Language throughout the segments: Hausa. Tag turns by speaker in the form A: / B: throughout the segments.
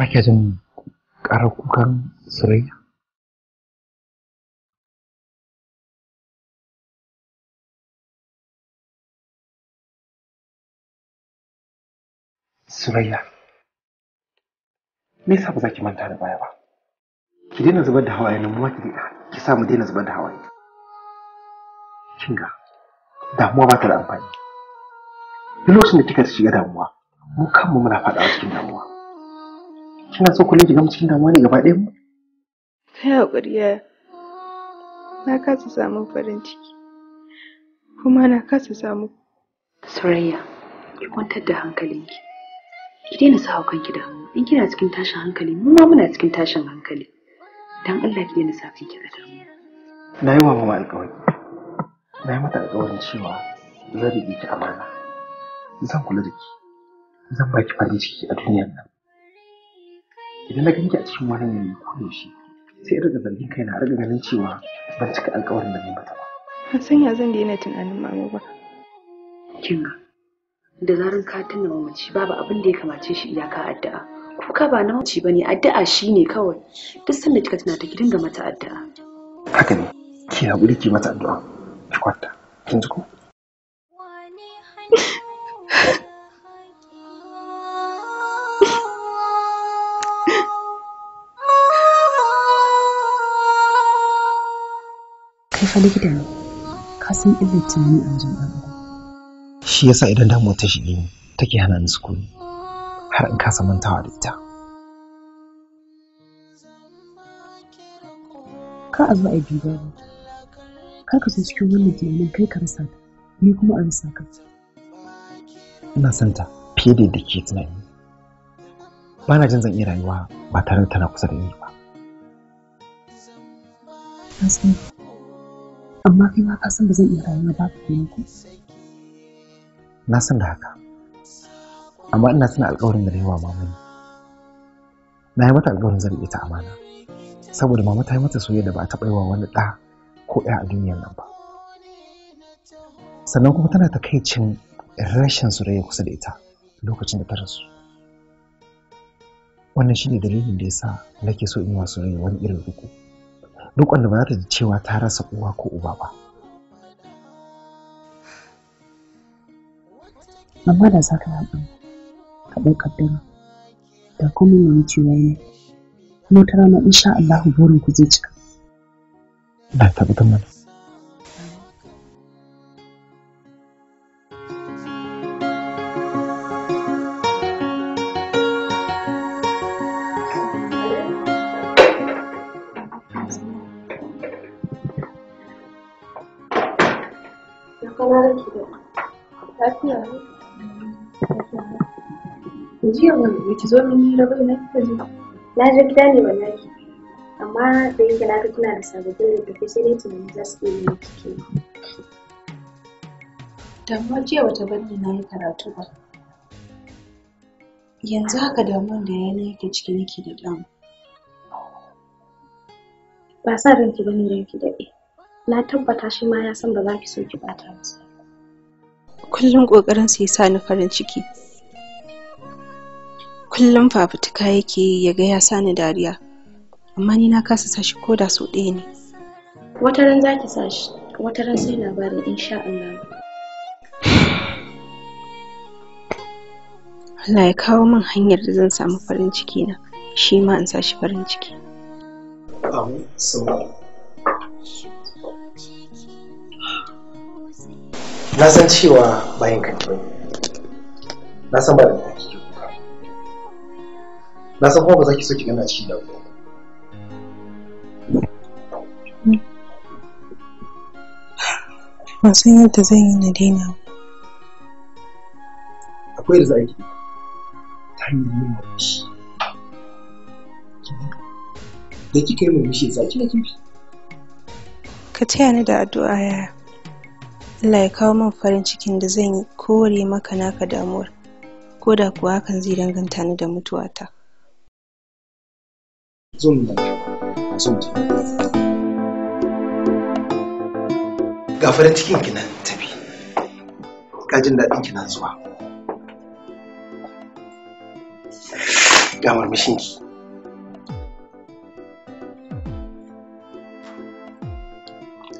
A: ba kya jin ƙarar kukan surayya surayya
B: me yasa ba za ki manta da baya ba ki daina zubar da hawaye nan ma ki daina ki sa mu daina zubar da hawaye kinga damuwa ba ta da amfani duk lokacin da kika shiga damuwa mu kanmu muna faɗawa cikin damuwa kina so kullum ki gama cikin damuwa ne gaba ɗaya mu
C: ta hakuri ya na kasa samun farin ciki kuma na kasa samu Surayya, ki kwantar da hankalinki ki daina sa kanki hannu in kina cikin tashin hankali mu ma muna cikin tashin hankali dan Allah ki daina sa kanki a damu
B: na yi wa mama alƙawari na yi mata alƙawarin cewa zan riƙe ki amana zan kula da ki zan baki farin ciki a duniyar nan idan na ganki a cikin wani yanayi ko yaushe sai in riga zargin na riga ganin cewa ban cika alƙawarin da na mata ba
C: ban san ya zan daina tunanin mama ba kin da zaran ka tuna mamaci babu abin da ya kamace shi iyaka addu'a kuka ba na mace bane addu'a shine kawai duk sanda kika tuna ta ki dinga mata addu'a
B: haka ne ki haƙuri ki mata addu'a ki kwanta kin ji ko
C: fa likita ne ka san illar tunani a wajen ɗan
B: shi yasa idan damuwa ta shige ni take hana ni sukuni har in kasa mantawa da ita
C: ka a zo a duba ba ka ka so cikin wannan tunanin kai ka rasa ta ni kuma a rasa ka
B: ina son ta fiye da yadda ke tunani ba na jin zan iya rayuwa ba tare da tana kusa da ni ba
C: Thank you. amma kai ma ka san ba zan iya rayuwa babu kuɗi ku
B: na san da haka amma ina tuna alƙawarin da yawa mamani na yi mata alƙawarin zan ta amana saboda mama ta yi mata soyayya da ba a taɓa yi wa wani ɗa ko ɗaya a duniyar nan ba sannan kuma tana takaicin rashin soyayya kusa da ita lokacin da ta rasu wannan shine dalilin da yasa nake so in yi wa soyayya wani irin uku. duk wanda ba za ta ji cewa ta rasa uwa ko uba ba
C: amma da za ka haɗu ka ɗaukar da kuma mai cewa ne kuma ta rana insha Allah burin ku zai cika
A: ba tabbatar mana
C: ki zo mini hira ba ina zo na je gida ne wallahi amma da yake na ga da sababbin littattafai sai dai tunani za su iya yi kike damuwa jiya wata banni na yi karatu ba yanzu haka damuwan da yana yake ciki nake da damu ba sa ranki bane ranki daɗe na tabbata shi ma ya san ba za ki so ki bata masa kullum ƙoƙarin su ya sa ni farin ciki kullum fafutuka yake yi ya ga ya sani dariya amma ni na kasa sashi ko da sau ɗaya ne wata ran zaki sa shi? wata ran sai labari insha Allah Allah ya kawo min hanyar da zan samu farin ciki na shi ma in sashi farin ciki
B: na san cewa bayan kanki na san ba da na san kuma ba za ki so ki gana cikin damuwa
C: ba san yadda zan yi na daina
B: akwai da za a yi ta hanyar yin mamashi da kika yi mamashi za ki na bi?
C: ka taya ni da addu'a ya Allah ya kawo min farin cikin da zan yi kore maka naka damuwar ko da kuwa hakan zai danganta ni da mutuwata.
A: zo mu zo mu
B: ga farin cikin ki nan tafi ga daɗin kinan zuwa ga murmushin ki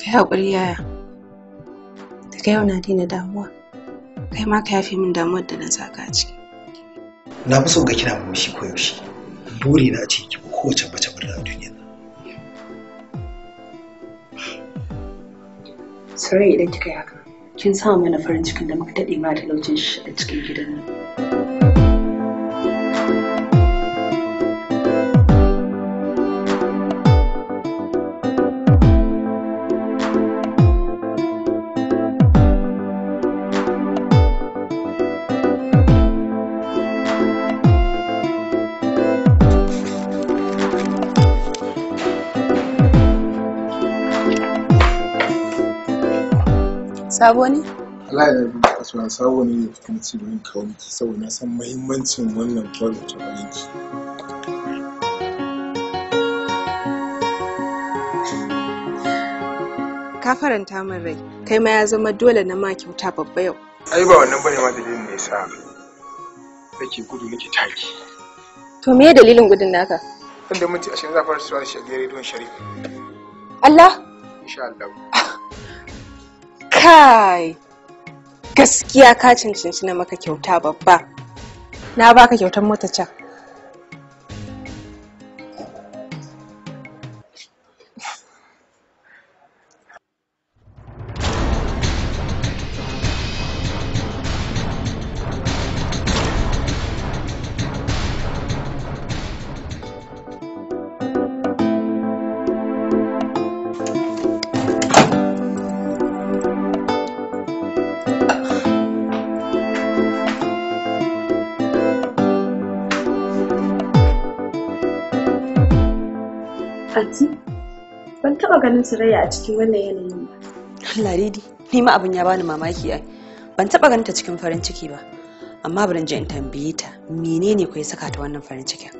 C: kai haƙuri yaya daga yau na daina damuwa kai ma ka yafe min damuwar da na saka a ciki
B: na fi so ga kina murmushi koyaushe buri na ce ki kowace mace murna a
C: idan kika yi haka kin sa mana farin cikin da muka daɗe ma da laucin shi a cikin gidan nan sabo ne
D: Allah ya bi kasuwa sabo ne kuma ci domin kawo saboda na san muhimmancin wannan product a yanki
C: ka faranta min rai kai ma ya zama dole na ma kyauta babba yau
D: ai ba wannan bane ma dalilin da yasa nake gudu nake taki
C: to me dalilin gudun naka
B: kan da minti 20 za fara a gare don sharif Allah insha Allah
C: kai gaskiya ka cancanci na maka kyauta babba na baka kyautar mota can Saraya a cikin wannan yanayin Allah ni ma abin ya bani mamaki ai. Ban taɓa ganta cikin farin ciki ba. Amma bari je in tambaye ta menene kai saka ta wannan farin cikin.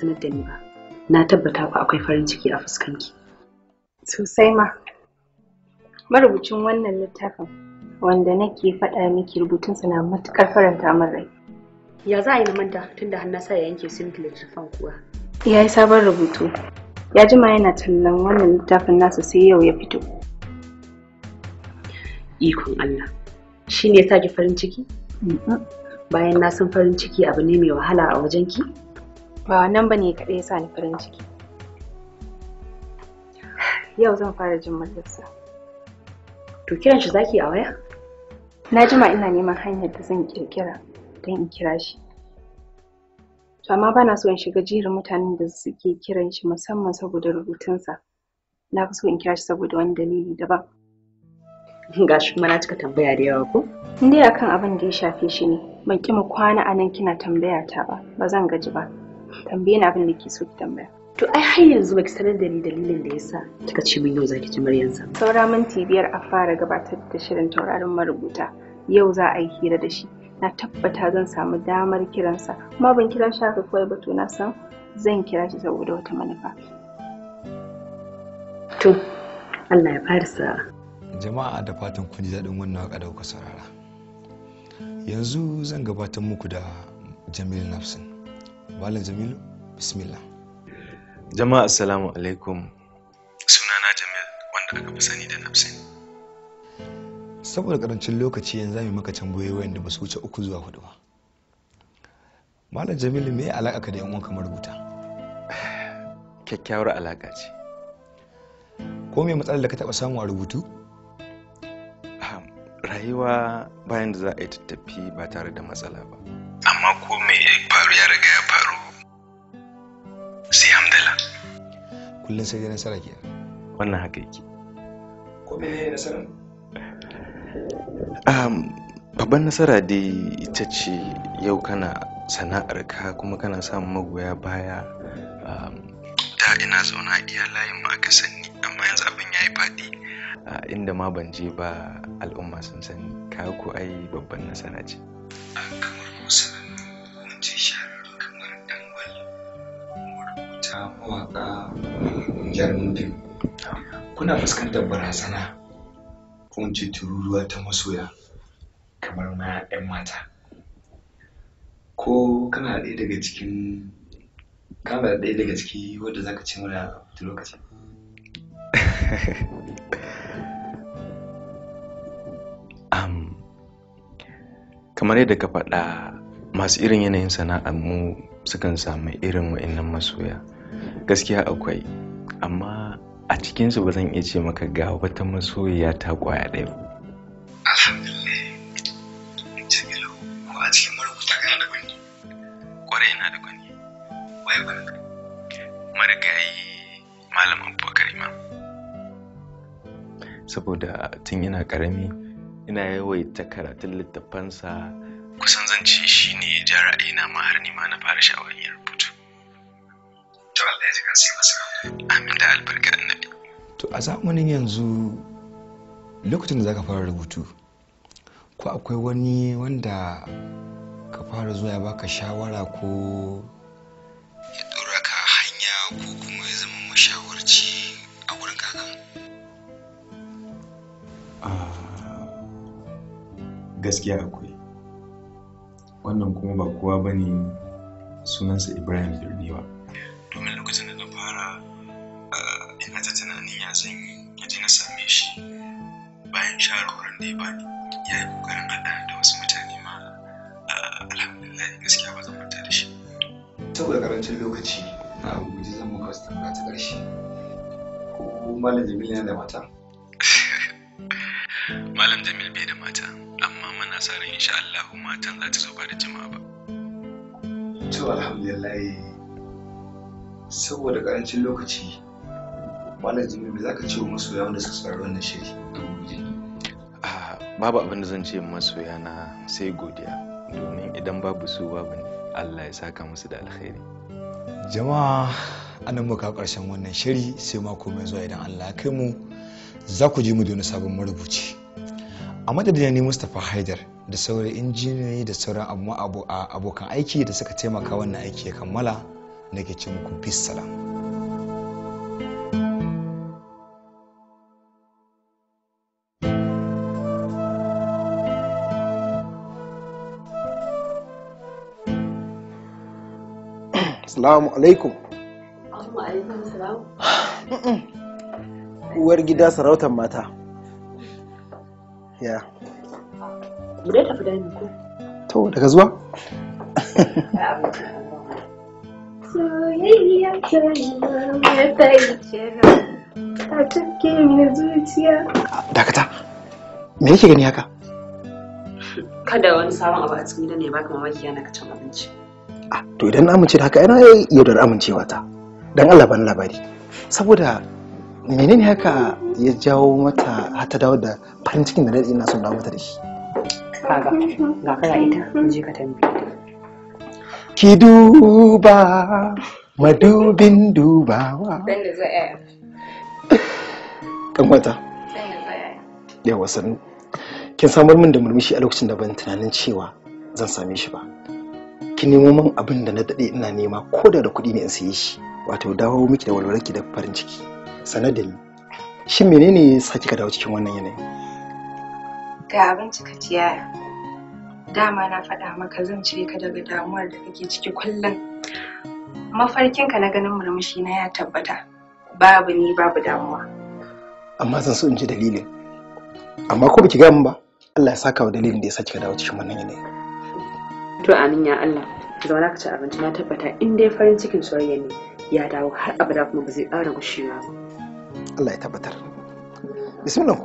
C: sanar da ni ba na tabbata ku akwai farin ciki a fuskanki sosai ma marubucin wannan littafin wanda nake faɗa miki rubutunsa na matuƙar faranta min rai ya za a yi manta tun da na sa ya yanke sun littafin kuwa ya yi sabon rubutu ya jima yana tallan wannan littafin nasa sai yau ya fito ikon Allah shi ne ya sa ki farin ciki bayan na san farin ciki abu ne mai wahala a wajen ki ba wannan ba ne kaɗai ya sa ni farin ciki yau zan fara jin muryarsa to kiran shi zaki a waya na jima ina neman hanyar da zan kirkira don in kira shi to amma bana so in shiga jerin mutanen da suke kiran shi musamman saboda rubutunsa na fi so in kira shi saboda wani dalili daban ga shi mana cika tambaya da yawa ko in dai akan abin da ya shafe shi ne ban kima kwana a nan kina tambaya ta ba ba zan gaji ba tambaye ni abin da ke so ki tambaya to ai har yanzu baki sanar da ni dalilin da yasa kika ce min yau zaki ci Maryam sa saura minti biyar a fara gabatar da shirin tauraron marubuta yau za a yi hira da shi na tabbata zan samu damar kiransa kuma ban kira shi haka kawai ba to na san zan kira shi saboda wata manufa to Allah ya fara sa'a jama'a da
D: fatan kun ji daɗin wannan waka da kuka saurara yanzu zan gabatar muku da jamil nafsin Malam Jamilu, bismillah. Jama'a assalamu alaikum. Sunana Jamil wanda aka fi sani da Nafsin. Saboda karancin lokaci yanzu zamu maka tambayoyi wanda ba su wuce uku zuwa hudu ba. Malam Jamilu me alaka ka da yan uwanka marubuta? Kyakkyawar alaka ce. Ko me matsalar da ka taba samu a rubutu?
E: Rayuwa bayan da za a yi tattafi ba tare da matsala ba.
A: Amma ko
D: me ya faru ya riga sai hamdala kullum sai dai nasara ke wannan haka yake ko me nasara
E: um, babban nasara dai ita ce yau kana sana'ar ka kuma kana samun magoya baya um, da ina zauna iya layin ma aka sani amma yanzu abin ya yi faɗi uh, inda ma ban je ba al'umma sun sani ka ko ai babban nasara ce kamar musulmi
D: mawaka jarumin kuna fuskantar barazana ko ce tururuwa ta masoya kamar ma 'yan mata ko kana ɗaya daga cikin kana ɗaya daga ciki wadda zaka ce mana da lokaci
E: um, kamar yadda ka faɗa masu irin yanayin sana'ar mu sukan samu irin wa'annan masoya gaskiya akwai amma a cikinsu ba zan iya ce maka ga wata masoyiya ta kwaya ɗaya ba a saboda tun ina karami ina yawaita karatun littafansa kusan zan shi ne ya ja na ma har nema na fara sha'awar yarbu
D: to a zamanin yanzu lokacin da zaka fara rubutu ko akwai wani wanda ka fara zuwa ya baka shawara ko ya dora ka hanya ko kuma ya zama mashawarci
E: a wurin kaga ah, gaskiya akwai wannan kuma ba kowa bane sunansa ibrahim birniwa domin lokacin da na fara eh, ina ta tunanin ya zan yi na na same shi bayan shawarwarin da ya bani ya yi kokarin haɗa da wasu mutane ma eh,
D: alhamdulillah gaskiya ba zan manta da shi saboda karancin lokaci na guji zan muka wasu tambaya ta ƙarshe ko malam jamil yana da mata malam jamil bai da mata amma muna sa ran insha Allah matan za ta zo ba da jama'a ba to alhamdulillah saboda karancin lokaci malam jimi za zaka ce wa masoya wanda suka tsara wannan shiri
E: ah, babu abin da zan ce masoya na sai godiya domin idan babu su babu ne. Allah ya saka musu da alkhairi
D: jama'a anan muka karshen wannan shiri sai mako mai zuwa idan Allah ya kai mu za ku ji mu da sabon marubuci a madadin ne mustapha haidar da sauran injiniyoyi da sauran abokan aiki da suka taimaka wannan aiki ya kammala nake ce muku bis salam
B: Assalamu alaikum. Uwar gida sarautar mata. Ya.
C: Bude tafi da ni ko? To, daga zuwa? soyayya ta ya ta a take mini zuciya dakata
B: me yake gani haka
C: kada wani sabon abu a cikin gidan ne baka mamaki yana ka cin abinci
B: ah to idan na amince da haka yana yaudar amincewa ta dan Allah ban labari saboda menene haka ya jawo mata har ta dawo da farin cikin da ina son dawo mata da shi
C: kaga ga kana ita mm-hmm. in je ka tambaye
B: ki duba madubin dubawa kan wata ya wasan kin samar min da murmushi a lokacin da ban tunanin cewa zan same shi ba ki nemo min abin da na daɗe ina nema ko da da kuɗi ne in saye shi wato dawo miki da walwalarki da farin ciki sanar da ni shin menene ya sa kika dawo cikin wannan yanayin
C: ga abin ka ciya dama na faɗa maka zan cire ka daga damuwar da kake ciki kullum mafarkinka na ganin murmushi na ya tabbata babu ni babu damuwa
B: amma zan so in ji dalilin amma ko baki ga min ba Allah ya saka wa dalilin da ya saki ka dawo cikin wannan yanayi
C: to amin ya Allah zauna ka ci abinci na tabbata in dai farin cikin soyayya ne ya dawo har abada kuma ba zai ƙara gushewa ba
B: Allah ya tabbatar bismillah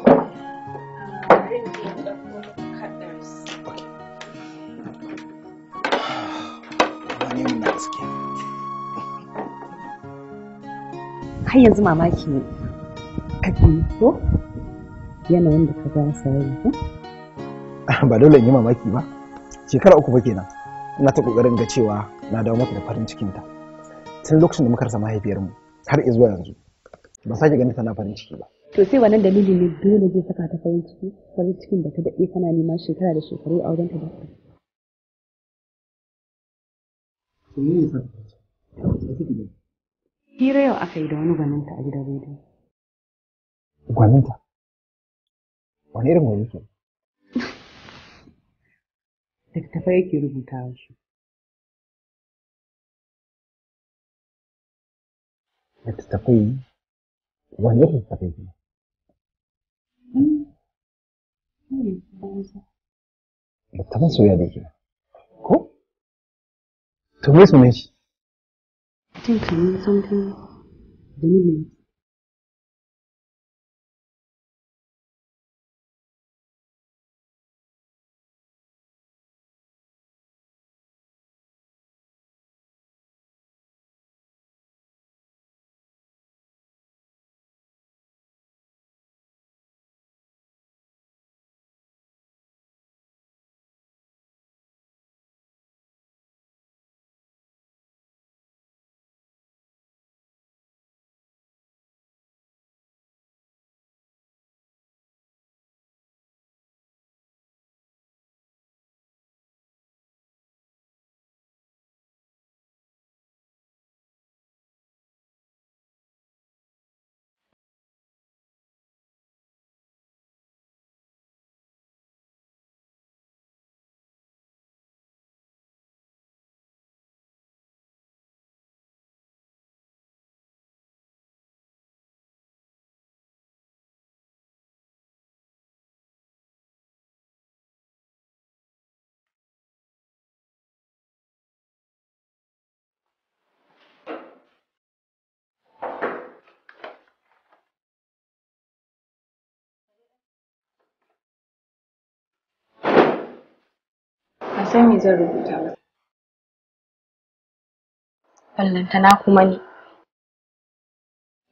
C: na har yanzu mamaki yanayin da ka sarari
B: ah, ba dole in yi mamaki ba shekara uku ba kenan ina ta kokarin ga cewa na dawo mata da farin cikin ta tun lokacin da muka rasa mahaifiyarmu har zuwa yanzu ba sake ganin tana farin ciki ba
C: to sai wannan dalili ne dole zai saka ta farin ciki farin cikin da ta daɗe kana neman shekara da shekaru a wajen ta da
A: Hira yau aka yi da wani gwaninta a gidan rediyo. Gwaninta? Wani irin gwani ke? Littattafai yake rubuta shi. Littattafai wani irin littattafai ke? Hmm. Hmm. Littattafan soya da ke. 为什么没起？进城的当天，黎明。san me zan rubuta masa. na kuma ni.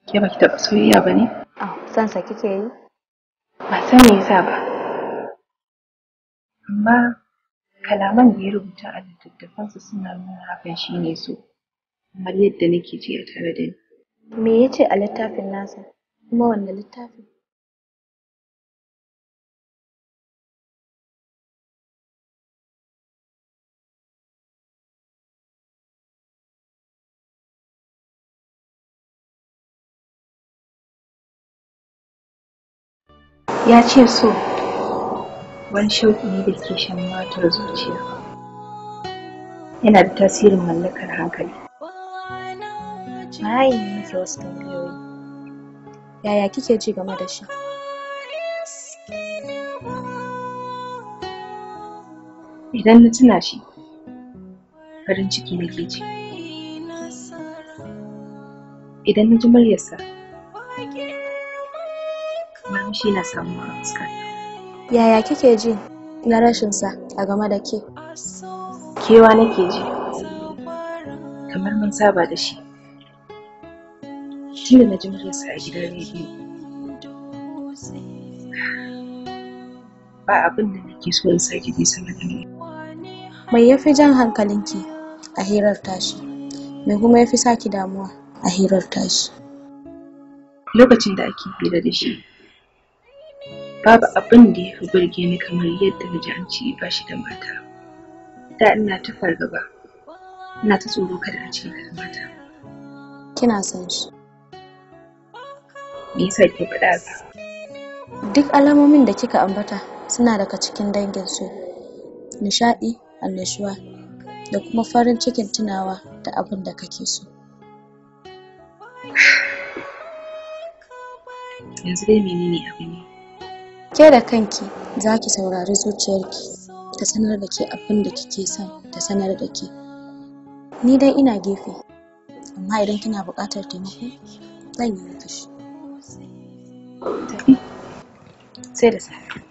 A: Ke baki taɓa soyayya ba ne? Ah, son sa kike yi? Ba san me yasa ba.
C: Amma kalaman da ya rubuta a littattafansa suna nuna hakan shi ne so, kamar yadda nake ji a tare da ni. Me ya ce a
A: littafin nasa? Kuma wanne littafin? ya ce so
C: wani shauƙi ne da ke shan matar zuciya yana da tasirin mallakar hankali bayan miki wasu tambayoyi yaya kike ji game da shi idan na tuna shi farin ciki nake ji idan na ji muryarsa shi na samu fuskar yaya kike ji na rashinsa a game da ke kewa nake ji kamar mun saba da shi tunda na ji muryarsa a gidan rediyo ba abin da nake so in sake bi sama da ni mai yafi jan hankalinki a hirar tashi mai kuma yafi saki damuwa a hirar tashi lokacin da ake hira da shi babu abin da ya fi burge ni kamar yadda na ji an ce ba shi da mata da ina ta fargaba ina ta tsoro kada a ce da mata kina son shi me yasa ke faɗa ba duk alamomin da kika ambata suna daga cikin dangin su nishaɗi annashuwa da kuma farin cikin tunawa da abin da kake so yanzu dai menene abin ne ke da kanki za ki saurari zuciyarki ta sanar da ke abin da kike son ta sanar da ke ni dai ina gefe amma idan kina buƙatar taimako zan yi shi sai da safe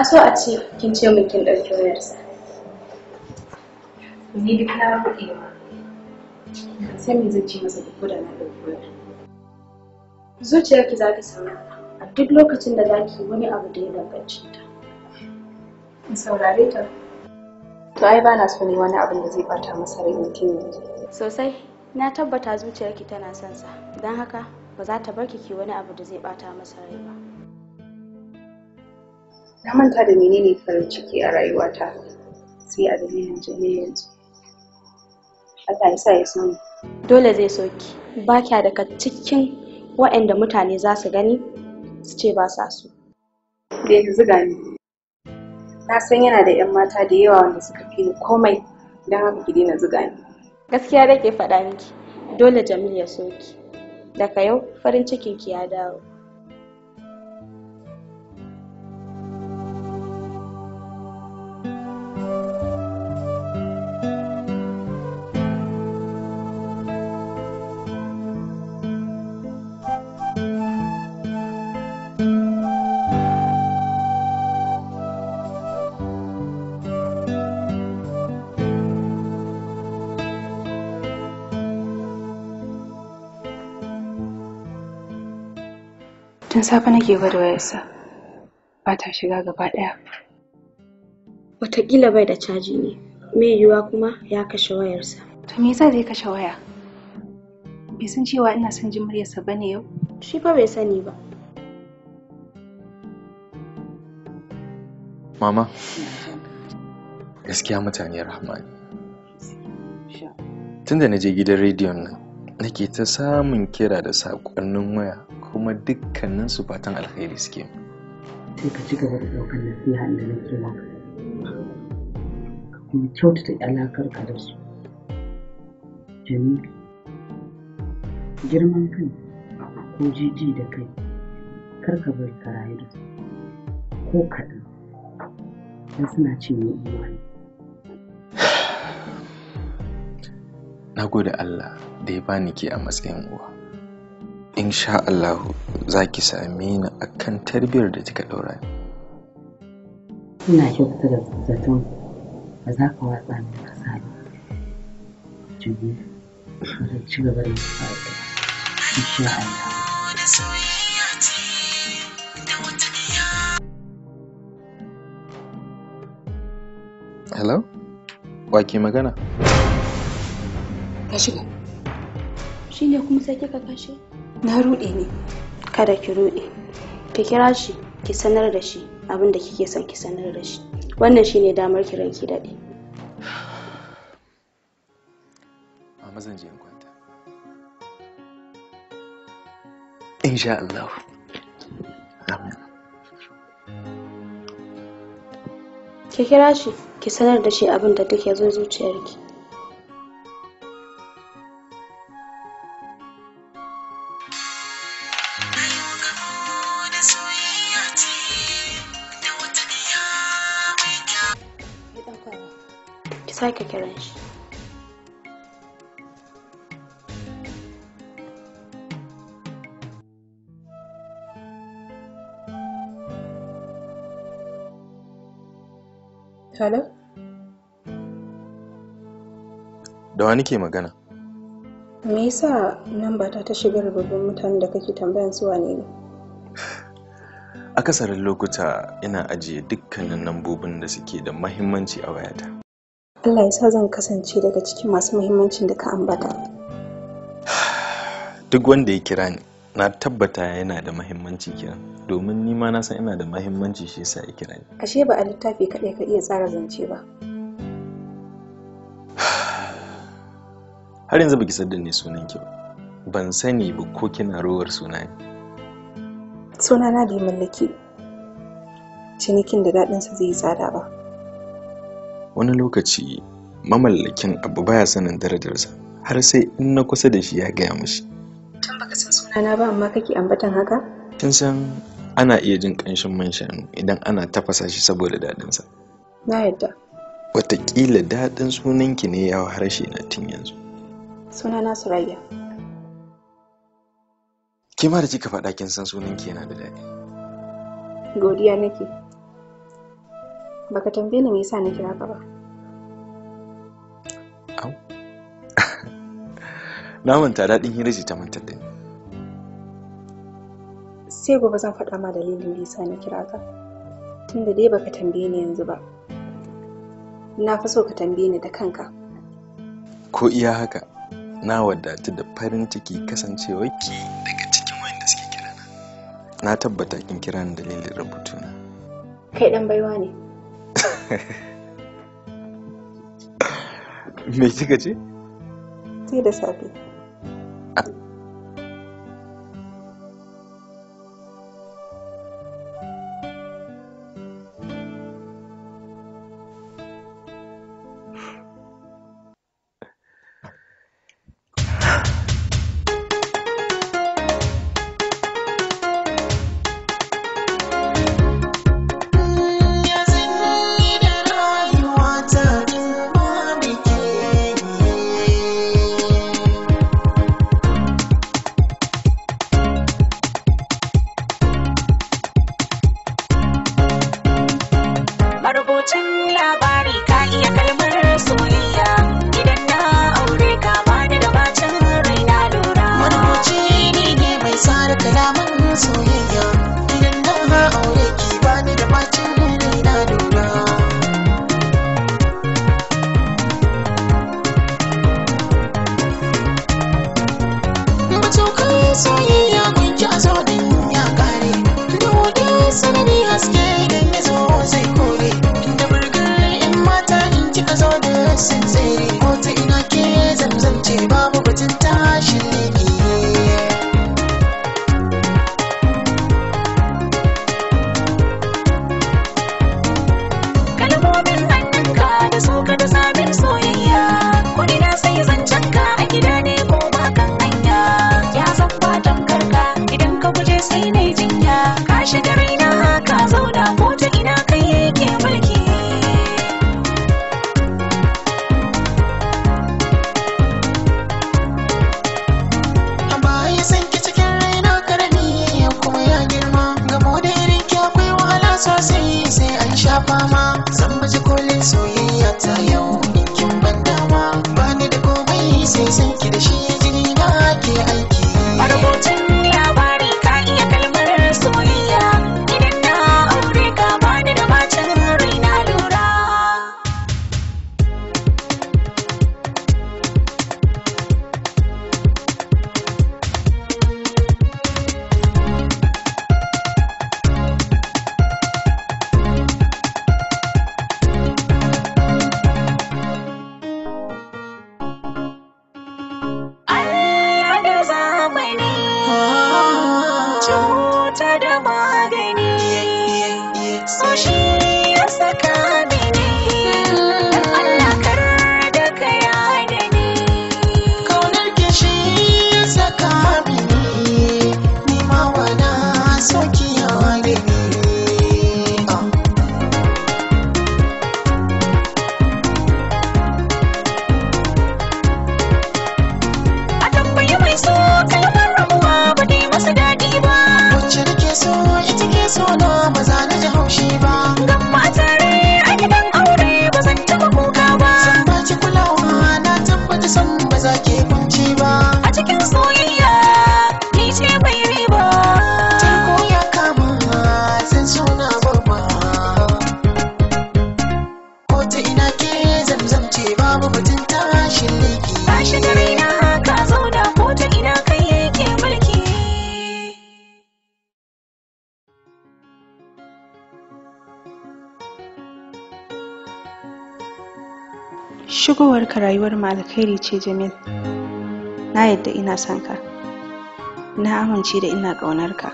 C: na so a ce kin ce min kin ɗauki wayarsa ni duk na kuɗi ma sai me zan ce masa duk da na ɗauki wayar zuciyarki za ta samu a duk lokacin da za ki wani abu da ya danganci ta in saurare ta to ai ba na so ne wani abin da zai bata masa rai mutum yanzu sosai na tabbata zuciyarki tana son sa don haka ba za ta bar ki wani abu da zai bata masa rai ba na manta da menene farin ciki a rayuwata sai a dalilin Jami yanzu Allah ya sa ya sani dole zai soki ba kya daga cikin waɗanda mutane za su gani su ce ba sa su. da yanzu gani na san yana da 'yan mata da yawa wanda suka fi ni komai don haka ki na zuga ni gaskiya da ke faɗa miki dole jamil ya soki daga yau farin cikin ki ya dawo tun safe nake gwada wayarsa ba ta shiga gaba ɗaya wataƙila bai da caji ne mai yiwuwa kuma ya kashe wayarsa to me yasa zai kashe waya bai san cewa ina son jin muryarsa bane yau shi fa bai sani ba
E: mama gaskiya mutane rahama tunda na je gidan rediyon nan nake ta samun kira da saƙonnin waya kuma dukkanin su fatan alkhairi suke
C: sai ka ci gaba da ɗaukar nasiha da nake maka ka kuma kyautata alakar ka da su jamilu girman kai ko jiji da kai kar ka bari ka rayu da su ko kaɗan don suna cinye imani
E: na gode Allah da ya bani ke a matsayin uwa insha Allah za ki sami ni a kan tarbiyyar da kika ɗora ni.
A: Ina kyautata da zaton ba za ka watsa ni kasa ba. Jibi, zan ci gaba da yin fa'ida. Insha Allah.
E: Hello? Wa ke magana?
C: Ka shiga. Shi ne kuma sai kika kashe? na ruɗe ne kada ki ruɗe ki kira shi ki sanar da shi abin da kike son ki sanar da shi wannan shine damar ki ranki daɗe
E: amma zan je in kwanta insha
C: Allah amin ki kira shi ki sanar da shi abin da take zo zuciyarki
E: da wa ke magana
C: me yasa nan ta ta shiga rububin mutanen da kake tambayan su wane ne
E: akasarin lokuta ina ajiye dukkanin lambobin da suke da mahimmanci a wayata
C: Allah ya sa zan kasance daga cikin masu mahimmancin da ka ambata
E: duk wanda ya kira ni na tabbata yana da mahimmanci kira domin ni ma na san ina da mahimmanci shi yasa ya kira ni
C: ashe ba a littafi kaɗai ka iya tsara zance ba
E: har yanzu baki saddin ne sunan ki ban sani ba ko kina rowar suna ne
C: bai mallaki cinikin da daɗinsa zai yi tsada ba
E: wani lokaci mamallakin abu baya sanin darajarsa har sai in na kusa da shi ya gaya mishi
C: tun baka san sunana ba amma kake ambatan haka
E: kin san ana iya jin ƙanshin man shanu idan ana tafasa shi saboda daɗinsa na yadda wataƙila daɗin sunanki ne ya harshe na tun yanzu
C: sunana surayya
E: kima da kika faɗa kin san sunan ki yana da daɗi
C: godiya nake baka tambaye ni me yasa na kira ka ba
E: au na manta daɗin hira ce ta mantar da ni
C: sai gobe zan faɗa ma dalilin da yasa na kira ka tunda dai baka tambaye ni yanzu ba na fi so ka tambaye ni da kanka
E: ko iya haka na wadatu da farin ciki kasancewa ki daga cikin wanda suke kirana na tabbata kin kira ni dalilin rubutu na
C: kai dan baiwa ne
E: me kika ce
C: sai da safe ah, rayuwar mu alkhairi ce Jamil. Na yadda ina son ka. Na amince da ina ƙaunar ka.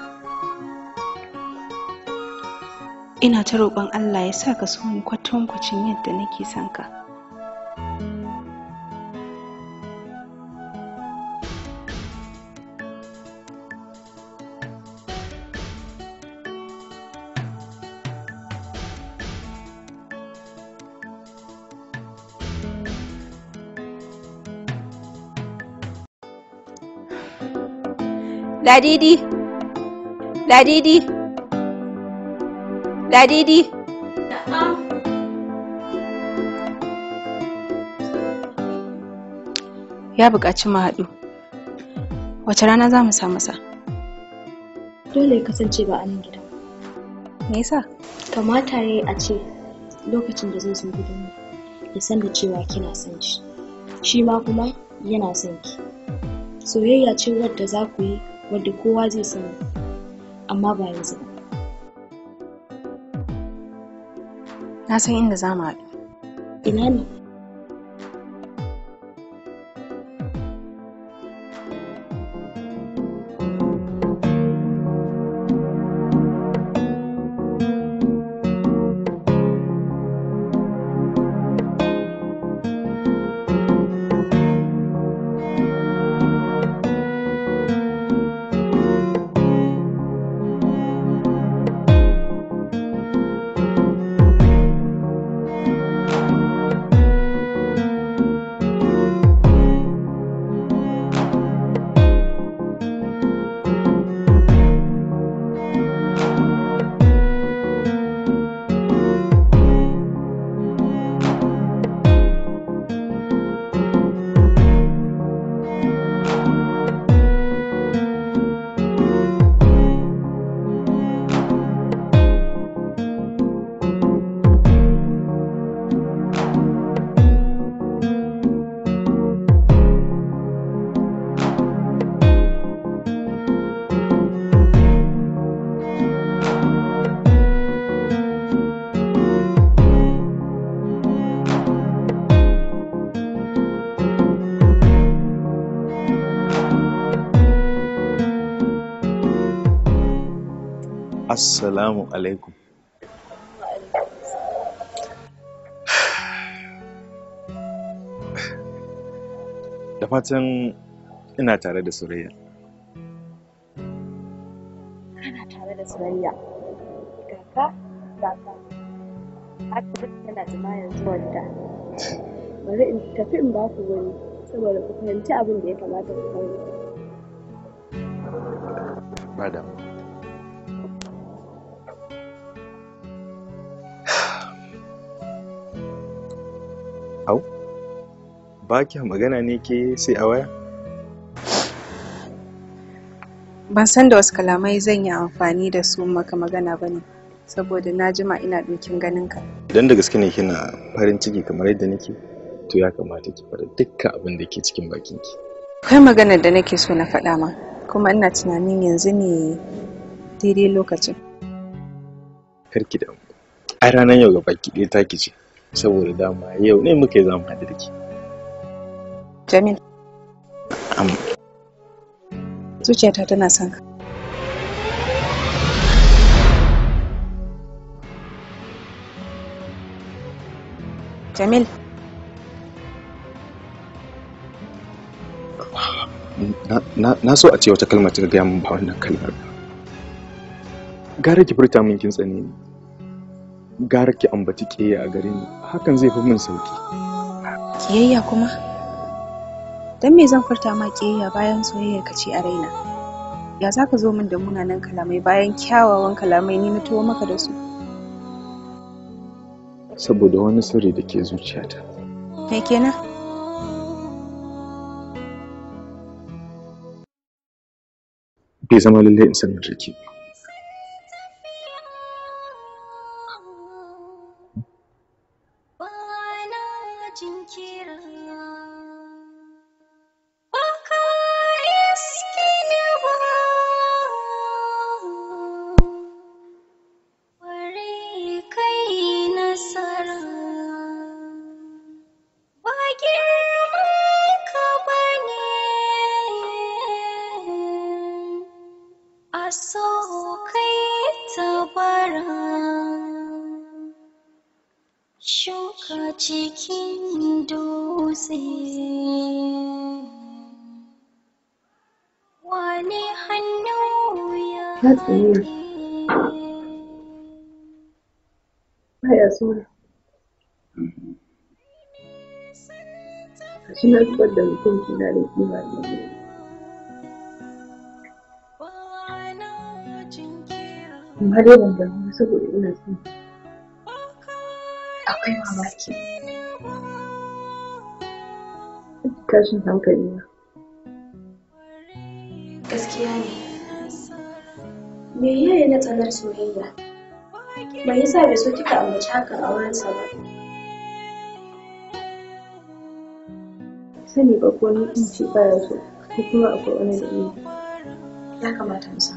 C: Ina ta roƙon Allah ya sa ka so kwatankwacin yadda nake son ka. Ladidi. Ladidi. Ladidi. Ya buƙaci mu haɗu. Wace rana za mu sa masa? Dole ya kasance ba a nan gidan. Me yasa? Kamata ya a ce lokacin da zai zo gidan ya san da cewa kina son shi. Shi ma kuma yana son ki. Soyayya ce wadda za ku yi wadda kowa zai sani amma ba yanzu ba na san inda za mu haɗu ina ne
E: Assalamu alaikum. Da fatan ina tare da Surayya.
C: Ina tare da Surayya. Kaka, kaka. hakan yana jima yanzu wanda. Bari in tafi in baku wani saboda ku fahimci abin da ya kamata ku fahimta. Madam.
E: ba kya magana ne ke sai a waya?
C: Ban san da wasu kalamai zan yi amfani da su maka magana ba ne, saboda na jima ina ɗokin ganinka.
E: Idan da gaske ne kina farin ciki kamar yadda nake, to ya kamata ki fara dukkan abin da ke cikin
C: bakinki. Kai maganar da nake so na faɗa ma, kuma ina tunanin yanzu ne daidai lokacin.
E: Karki da Ai ranar yau gaba ki ɗaya taki ce, saboda dama yau ne muka yi zamu haɗu da ki.
C: Jamil. Am. Zuciyata tana son ka. Jamil.
E: Na so a ce wata kalmar ta gaya min ba wannan kalmar ba. Gara ki furta min kin tsane ni. Gara ki ambaci ƙeya a gare ni. Hakan zai fi min sauki.
C: Kiyayya kuma? don me zan furta ma ƙiyayya bayan soyayyar ka ce a raina ya za ka zo min da munanan kalamai bayan kyawawan kalamai ni na tuwo maka da su
E: saboda wani sirri da ke zuciyata me kenan bai zama lallai in sanar da ke ba
C: ya
A: tsane ni baya so na
C: shi na zubar da mutunci na da kima ne amma dai ban damu saboda ina son akwai mamaki tashin hankali na gaskiya ne Me yi na tsanar soyayya? Bai yasa bai so kika ambaci haka a wurinsa ba. Sani ba ko ni in ce ba ya so, ko kuma akwai wani da Ya kamata mu san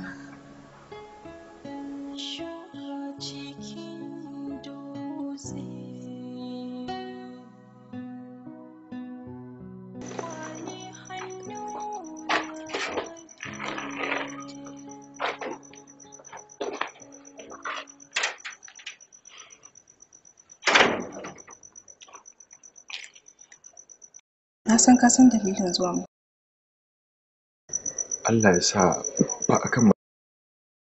C: san ka san dalilin zuwan
A: mu. Allah ya sa ba a